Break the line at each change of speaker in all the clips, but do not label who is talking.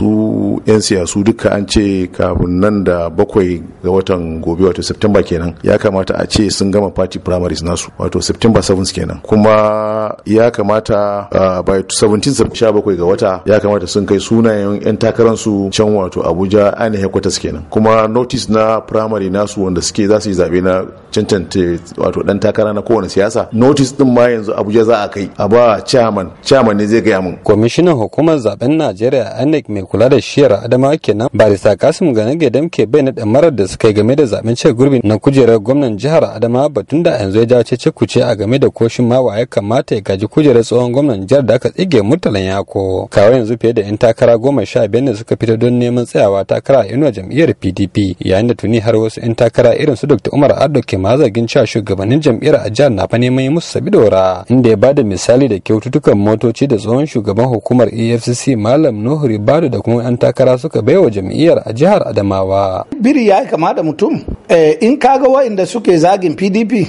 su 'yan siyasu duka an ce kafin nan da bakwai ga watan gobe wato september kenan ya kamata a ce sun gama party primaries nasu wato september 7 kenan kuma ya kamata uh, by 17 ga wata ya kamata sun kai sunayen 'yan takararsu can wato abuja ainihin headquarters kenan kuma notice na primary nasu wanda suke za su yi zaɓe na cancanta wato dan takara na kowane siyasa notice din ma yanzu abuja za a kai a ba chairman chairman ne zai gaya mun kwamishinan hukumar zaben najeriya inec
mai kula da shiyar adama kenan barista kasim gane dam ke bayyana damarar da suka yi game da zaben ce gurbi na kujerar gwamnan jihar adama ba tun da yanzu ya jawo ce kuce a game da koshin ma ya kamata ya gaji kujerar tsohon gwamnan jihar da aka tsige ya yako kawai yanzu fiye da yan takara goma sha biyar ne suka fita don neman tsayawa takara a inuwa jam'iyyar pdp yayin da tuni har wasu yan takara irin su dr umar addo ke ma zargin cewa shugabannin jam'iyyar a jihar na fa neman yi musu sabi dora inda ya bada misali da kyaututtukan motoci da tsohon shugaban hukumar efcc malam nuhu ribadu da kuma yan takara suka baiwa jam'iyyar a jihar Adamawa.
Biri ya kama da mutum. Eh, in ga wa'inda suke zagin PDP,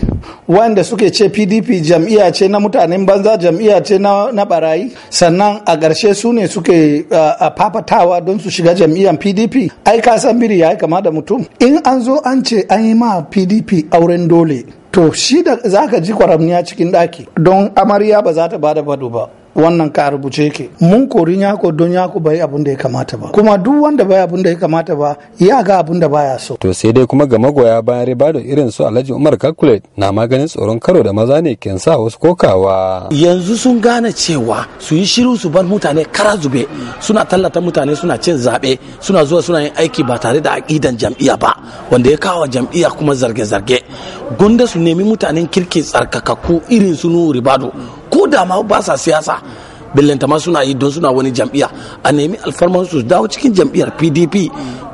wa'inda suke ce PDP jam'iyya ce na mutanen banza jam'iyya ce na, barayi, sannan a ƙarshe su ne suke eh, fafatawa don su shiga jam'iyyar PDP. Ai ka san biri ya kama da mutum. In an zo an ce an yi ma PDP auren dole, to shi da za ka ji kwaramniya cikin ɗaki don amarya ba za ta bada fado ba. wannan ka rubuce ke. mun kori nyako don nyako bai abin da ya kamata ba kuma duk wanda bai abin da ya kamata ba ya ga abin da baya so
to sai dai kuma ga magoya bayan riba irin su Alhaji Umar Calculate na maganin tsoron karo da maza ne ken sa wasu kokawa
yanzu sun gane cewa su yi shiru su bar mutane kara zube suna tallata mutane suna cin zabe suna zuwa suna yin aiki ba tare da aƙidan jam'iyya ba wanda ya kawo jam'iyya kuma zarge-zarge gunda su nemi mutanen kirki tsarkakakku irin su Nuhu Ribado da ma ba sa siyasa billanta ma suna yi don suna wani jam'iya a nemi alfarman su dawo cikin jam'iyyar pdp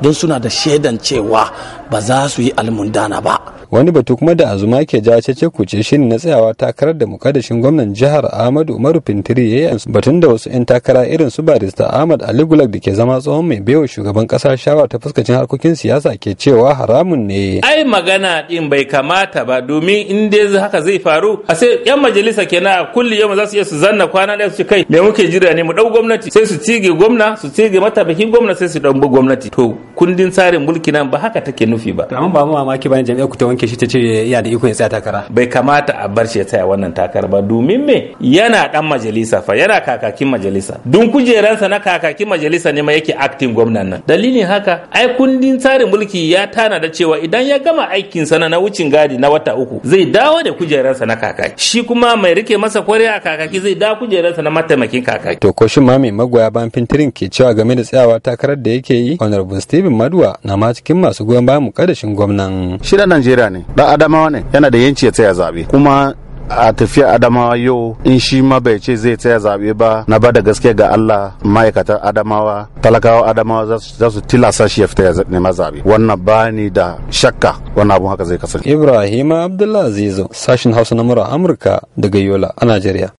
don suna da shaidan cewa ba za su yi
almundana ba wani batu kuma da azuma ke ce cece kuce shine na tsayawa takarar da mukaddashin gwamnan jihar ahmadu umaru fintiri ya yi batun da wasu 'yan takara irin su barista ahmad ali gulag da ke zama tsohon mai baiwa shugaban kasa shawa ta fuskacin harkokin siyasa ke cewa haramun ne ai
magana din bai kamata ba domin in dai haka zai faru a sai 'yan majalisa kenan a kulli yau za su iya su zanna kwana ɗaya su ci kai me muke jira ne mu dau gwamnati sai su cige gwamna su cige mataimakin gwamna sai su bu gwamnati to kundin tsarin mulki nan ba haka take nufi ba
amma ba mu mamaki
ne jami'a ku ta wanke shi ta ce ya da iko ya tsaya takara bai kamata a bar shi ya tsaya wannan takara ba domin me yana dan majalisa fa yana kakakin majalisa dun kujeransa na kakakin majalisa ne ma yake acting gwamnan nan dalilin haka ai kundin tsarin mulki ya tana da cewa idan ya gama aikin sana na wucin gadi na wata uku zai dawo da kujeransa na kakaki shi kuma mai rike masa kwarai a kakaki zai dawo kujeransa na mataimakin kakaki
to ko shin ma mai magoya ban fintirin ke cewa game da tsayawa takarar da yake yi honorable stephen maduwa na ma cikin masu goyon bayan mukaddashin gwamnan shi
da najeriya ne dan adamawa ne yana da yanci ya tsaya zabe kuma a tafiya adamawa yau in shi ma bai ce zai tsaya zaɓe ba na ba da gaske ga Allah ma'aikatan adamawa talakawa adamawa za su tilasa shi ya fita ya nema zabe wannan ba ni da shakka
wannan abun haka zai kasance Ibrahim abdullahi Azizu sashin Hausa na Amurka daga Yola a Najeriya